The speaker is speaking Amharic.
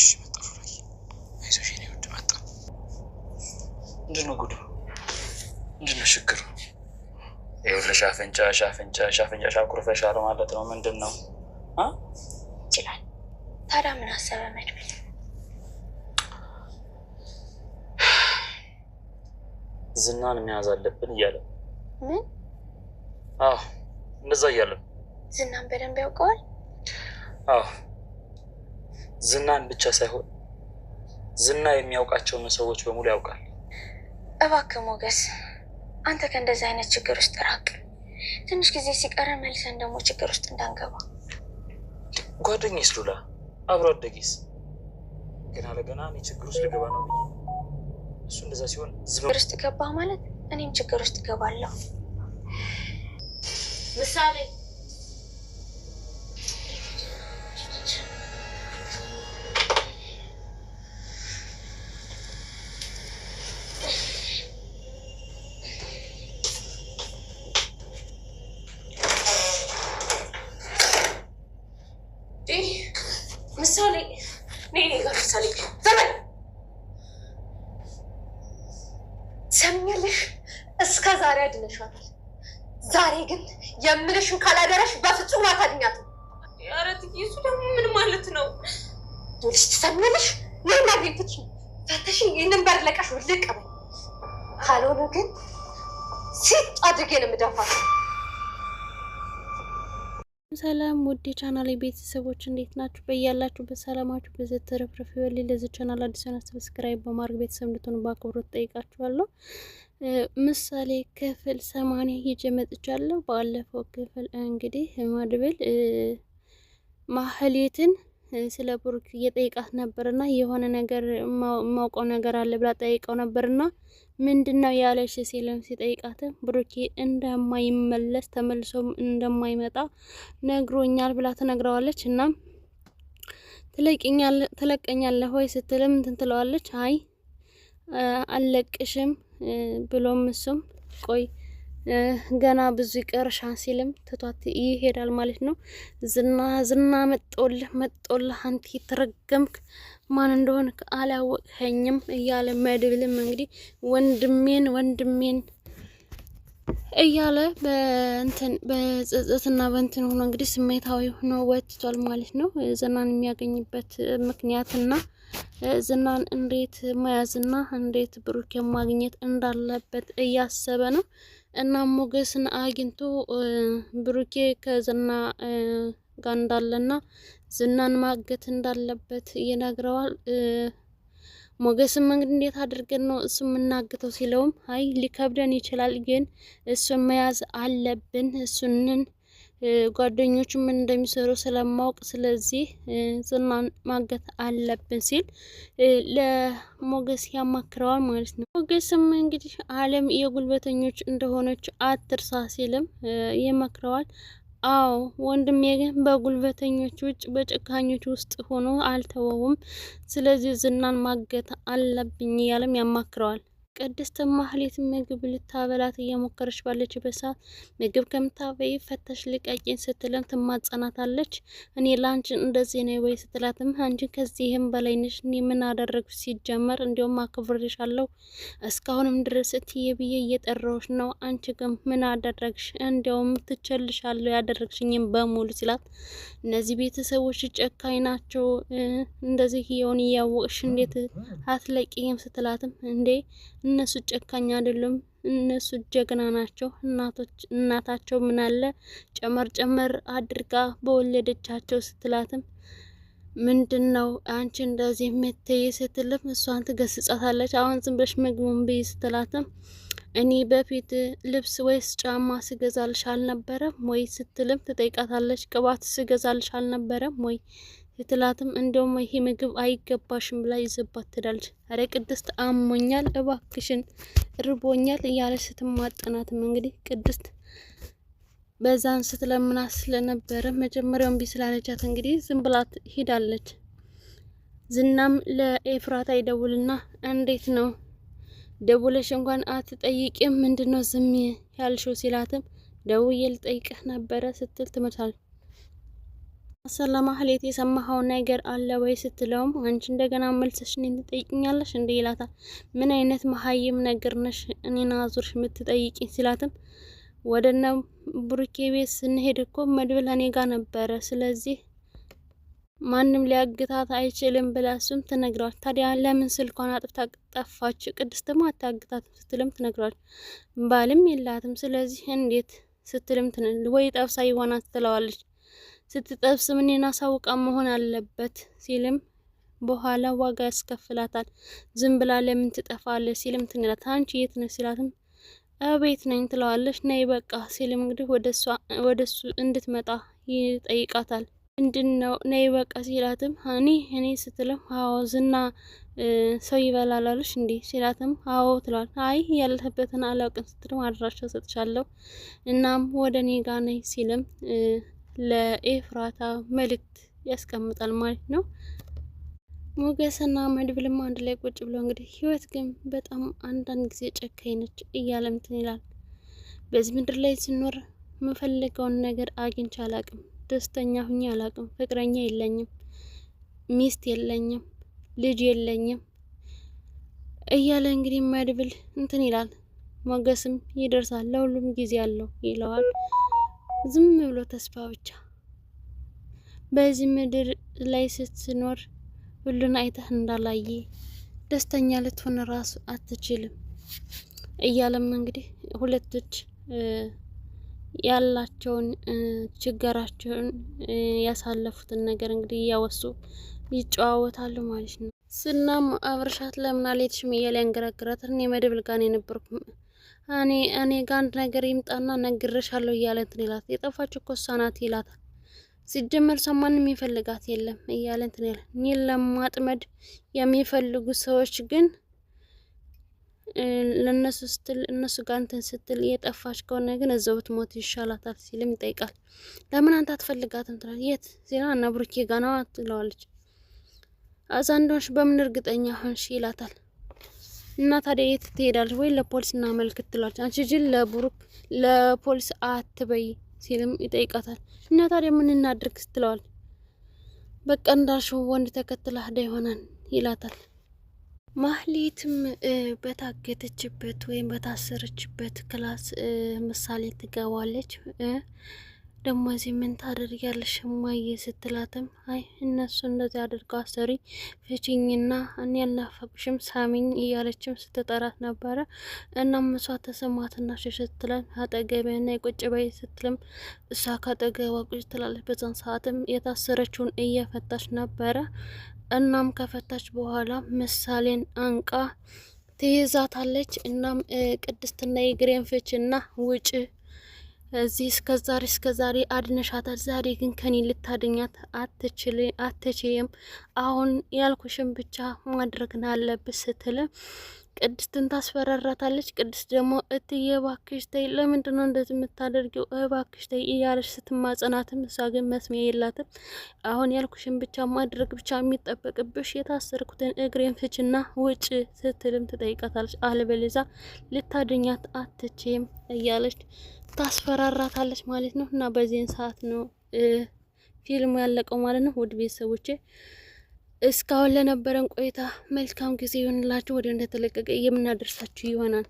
እሺ መጣሁ። ሹራዬ አይዞሽ የእኔ ውድ መጣሁ። ምንድን ነው ጉዱ? ምንድን ነው ችግሩ? ይኸውልሽ አፍንጫሽ አፍንጫሽ አፍንጫሽ አኩርፈሻል ማለት ነው። ምንድን ነው ይችላል? ታዲያ ምን አሰበ መድብል? ዝናን መያዝ አለብን እያለ ምን? አዎ እንደዛ እያለ ዝናን በደንብ ያውቀዋል። አዎ ዝናን ብቻ ሳይሆን ዝና የሚያውቃቸውን ሰዎች በሙሉ ያውቃል። እባክህ ሞገስ፣ አንተ ከእንደዚህ አይነት ችግር ውስጥ ራቅ። ትንሽ ጊዜ ሲቀረ መልሰን ደግሞ ችግር ውስጥ እንዳንገባ። ጓደኛዬስ ሉላ አብሮ አደጌስ ገና ለገና እኔ ችግር ውስጥ ልገባ ነው ብዬ እሱ እንደዛ ሲሆን ችግር ውስጥ ገባ ማለት እኔም ችግር ውስጥ ገባለሁ ምሳሌ ትገልሻለሽ። ዛሬ ግን የምልሽን ካላደረሽ በፍጹም አታድኛት። ኧረ ትዬ እሱ ደግሞ ምን ማለት ነው? ልጅ ትሰሚያለሽ? ይህና ቤትች ፈተሽ ይህንን በር ለቀሽ ውልቅ በይ። ካልሆነ ግን ሲጥ አድርጌ ነው የምደፋት። ሰላም ውድ የቻናል ቤተሰቦች እንዴት ናችሁ? በያላችሁበት በሰላማችሁ በዘት ተረፍረፍ ይበል። ለዚህ ቻናል አዲስ ሆና ሰብስክራይብ በማድረግ ቤተሰብ እንድትሆኑ በአክብሮት ጠይቃችኋለሁ። ምሳሌ ክፍል ሰማንያ ይዤ መጥቻለሁ። ባለፈው ክፍል እንግዲህ መድብል ማህሌትን ስለ ብሩክ እየጠይቃት ነበርና የሆነ ነገር ማውቀው ነገር አለ ብላ ጠይቀው ነበርና ምንድን ነው ያለሽ ሲልም ሲጠይቃት ብሩኬ እንደማይመለስ ተመልሶም እንደማይመጣ ነግሮኛል ብላ ትነግረዋለች። እና ትለቀኛለህ ወይ ስትልም እንትን ትለዋለች። አይ አለቅሽም ብሎም እሱም ቆይ ገና ብዙ ይቀርሻል ሲልም ትቷት ይሄዳል ማለት ነው። ዝና ዝና መጦልህ መጦልህ አንቲ ተረገምክ ማን እንደሆን አላወቅኸኝም እያለ መድብልም እንግዲህ ወንድሜን ወንድሜን እያለ በእንትን በጸጸትና በእንትን ሆኖ እንግዲህ ስሜታዊ ሆኖ ወጥቷል ማለት ነው። ዝናን የሚያገኝበት ምክንያትና ዝናን እንዴት መያዝና እንዴት ብሩክ ማግኘት እንዳለበት እያሰበ ነው እና ሞገስን አግኝቶ ብሩኬ ከዝና ጋር እንዳለና ዝናን ማገት እንዳለበት ይነግረዋል። ሞገስም እንግዲህ እንዴት አድርገን ነው እሱ የምናግተው ሲለውም አይ ሊከብደን ይችላል፣ ግን እሱን መያዝ አለብን እሱንን ጓደኞቹ ምን እንደሚሰሩ ስለማወቅ ስለዚህ ዝናን ማገት አለብን ሲል ለሞገስ ያማክረዋል ማለት ነው። ሞገስም እንግዲህ አለም የጉልበተኞች እንደሆነች አትርሳ ሲልም ይመክረዋል። አዎ ወንድሜ ግን በጉልበተኞች ውጭ በጭካኞች ውስጥ ሆኖ አልተወውም። ስለዚህ ዝናን ማገት አለብኝ እያለም ያማክረዋል። ቅድስት ማህሌት ምግብ ልታበላት እየሞከረች ባለችበት ሰዓት ምግብ ከምታበይ ፈተሽ ልቀቂን ስትለም ትማጸናታለች። እኔ ለአንቺ እንደዚህ ነው ወይ ስትላትም አንቺ ከዚህም በላይ ነሽ፣ እኔ ምን አደረግ ሲጀመር እንዲሁም አክብሬሻለሁ፣ እስካሁንም ድረስ እትዬ ብዬ እየጠራሁሽ ነው፣ አንቺ ግን ምን አደረግሽ? እንዲያውም ትቸልሻለሁ ያደረግሽኝም በሙሉ ሲላት እነዚህ ቤተሰቦች ጨካኝ ናቸው፣ እንደዚህ የሆን እያወቅሽ እንዴት አትለቂኝም ስትላትም እንዴ እነሱ ጨካኝ አይደሉም፣ እነሱ ጀግና ናቸው። እናቶች እናታቸው ምናለ ጨመር ጨመር አድርጋ በወለደቻቸው ስትላትም ምንድን ነው አንቺ እንደዚህ የምትይ ስትልም እሷን ትገስጻታለች። አሁን ዝም ብለሽ ምግቡን ብይ ስትላትም እኔ በፊት ልብስ ወይስ ጫማ ስገዛልሽ አልነበረም ወይ ስትልም ትጠይቃታለች። ቅባት ስገዛልሽ አልነበረም ወይ ስትላትም እንደውም ይሄ ምግብ አይገባሽም ብላ ይዘባት ትዳለች። አረ ቅድስት አሞኛል፣ እባክሽን ርቦኛል እያለች ስትማጠናትም እንግዲህ ቅድስት በዛን ስትለምናት ስለነበረ መጀመሪያውን እምቢ ስላለቻት እንግዲህ ዝም ብላት ሄዳለች። ዝናም ለኤፍራታ ይደውልና እንዴት ነው ደውለሽ እንኳን አትጠይቂም? ምንድነው ዝም ያልሽው? ሲላትም ደውዬ ልጠይቅህ ነበረ ስትል ትመታል አሰላማ ማህሌት የሰማኸው ነገር አለ ወይ ስትለውም አንቺ እንደገና መልሰሽ እኔን ትጠይቅኛለሽ እንዴ ይላታል። ምን አይነት መሀይም ነገር ነሽ እኔን አዙርሽ የምትጠይቂኝ ሲላትም ወደ ወደነ ብሩኬ ቤት ስንሄድ እኮ መድብል እኔ ጋር ነበረ፣ ስለዚህ ማንም ሊያግታት አይችልም ብላ እሱም ትነግረዋል። ታዲያ ለምን ስልኳን አጥፍታ ጠፋች? ቅድስትማ አታግታትም ስትልም ትነግረዋል። ባልም የላትም ስለዚህ እንዴት ስትልም ትንል ወይ ጠብሳ ይሆናት ትለዋለች። ስትጠብስ ምኔን አሳውቃ መሆን አለበት ሲልም በኋላ ዋጋ ያስከፍላታል። ዝም ብላ ለምን ትጠፋለች ሲልም ትንላት አንቺ የት ነሽ ሲላትም እቤት ነኝ ትለዋለች። ነይ በቃ ሲልም እንግዲህ ወደ ወደሱ እንድትመጣ ይጠይቃታል። ምንድን ነው ነይ በቃ ሲላትም እኔ እኔ ስትልም አዎ ዝና ሰው ይበላላለች እንዴ ሲላትም አዎ ትለዋል። አይ ያለህበትን አላውቅም ስትልም አድራሻ ሰጥቻለሁ እናም ወደ እኔ ጋ ነይ ሲልም ለኤፍራታ መልእክት ያስቀምጣል ማለት ነው። ሞገስና መድብልም አንድ ላይ ቁጭ ብሎ እንግዲህ ህይወት ግን በጣም አንዳንድ ጊዜ ጨካኝ ነች እያለ እንትን ይላል። በዚህ ምድር ላይ ስኖር የምፈልገውን ነገር አግኝቼ አላቅም፣ ደስተኛ ሁኜ አላቅም፣ ፍቅረኛ የለኝም፣ ሚስት የለኝም፣ ልጅ የለኝም እያለ እንግዲህ መድብል እንትን ይላል። ሞገስም ይደርሳል፣ ለሁሉም ጊዜ አለው ይለዋል። ዝም ብሎ ተስፋ ብቻ። በዚህ ምድር ላይ ስትኖር ሁሉን አይተህ እንዳላየ ደስተኛ ልትሆን ራሱ አትችልም እያለም እንግዲህ ሁለቶች ያላቸውን ችግራቸውን ያሳለፉትን ነገር እንግዲህ እያወሱ ይጨዋወታሉ ማለት ነው። ስናም አብርሻት ለምን አልሄድሽም እያለ ያንገራግራታል። እኔ መደብል ጋር ነው የነበርኩ እኔ እኔ ጋ አንድ ነገር ይምጣና ነግርሻለሁ እያለ እንትን ይላት። የጠፋችው እኮ እሷ ናት ይላታል። ሲጀመር ሰው ማንም የሚፈልጋት የለም እያለ እንትን ይላል። እኔን ለማጥመድ የሚፈልጉ ሰዎች ግን ለነሱ ስትል እነሱ ጋር እንትን ስትል የጠፋች ከሆነ ግን እዛው ብትሞት ይሻላታል ሲልም ይጠይቃል። ለምን አንተ አትፈልጋትም ትላለች። የት ዜና እና ብሩኬ ጋ ነዋ ትለዋለች። አዛ በምን እርግጠኛ ሆንሽ ይላታል። እና ታዲያ የት ትሄዳለች? ወይ ለፖሊስ እናመልክት ትላለች። አንቺ ጅል ለቡሩክ ለፖሊስ አትበይ ሲልም ይጠይቃታል። እና ታዲያ ምን እናድርግ ስትለዋል፣ በቃ እንዳልሽው ወንድ ተከትላ ሄዳ ይሆናል ይላታል። ማህሌትም በታገተችበት ወይም በታሰረችበት ክላስ ምሳሌ ትገባለች። ደግሞ እዚህ ምን ታደርጊያለሽ እማዬ ስትላትም አይ እነሱ እንደዚህ አድርገው አሰሪ ፍቺኝና እኔ ያላፈቅሽም ሳሚኝ እያለችም ስትጠራት ነበረ። እናም እሷ ተሰማትና ሽሽትለን ስትለን አጠገቢያና የቁጭ በይ ስትልም እሷ ካጠገቧ ቁጭ ትላለች። በዛን ሰዓትም የታሰረችውን እየፈታች ነበረ። እናም ከፈታች በኋላ ምሳሌን አንቃ ትይዛታለች። እናም ቅድስትና የግሬን ፍችና ውጭ እዚህ እስከ ዛሬ እስከ ዛሬ አድነሻታል። ዛሬ ግን ከኔ ልታድኛት አትችል አትችይም። አሁን ያልኩሽን ብቻ ማድረግን አለብሽ ስትልም ቅድስትን ታስፈራራታለች። ቅድስት ደግሞ እትዬ እባክሽ ተይ፣ ለምንድን ነው እንደዚህ የምታደርጊው? እባክሽ ተይ እያለች ስትማጸናትም፣ እሷ ግን መስሚያ የላትም። አሁን ያልኩሽን ብቻ ማድረግ ብቻ የሚጠበቅብሽ የታሰርኩትን እግሬን ፍችና ውጭ ስትልም ትጠይቃታለች። አለበለዛ ልታድኛት አትችም እያለች ታስፈራራታለች ማለት ነው። እና በዚህን ሰዓት ነው ፊልሙ ያለቀው ማለት ነው። ውድ ቤተሰቦቼ እስካሁን ለነበረን ቆይታ መልካም ጊዜ ይሆንላችሁ። ወደ እንደተለቀቀ የምናደርሳችሁ ይሆናል።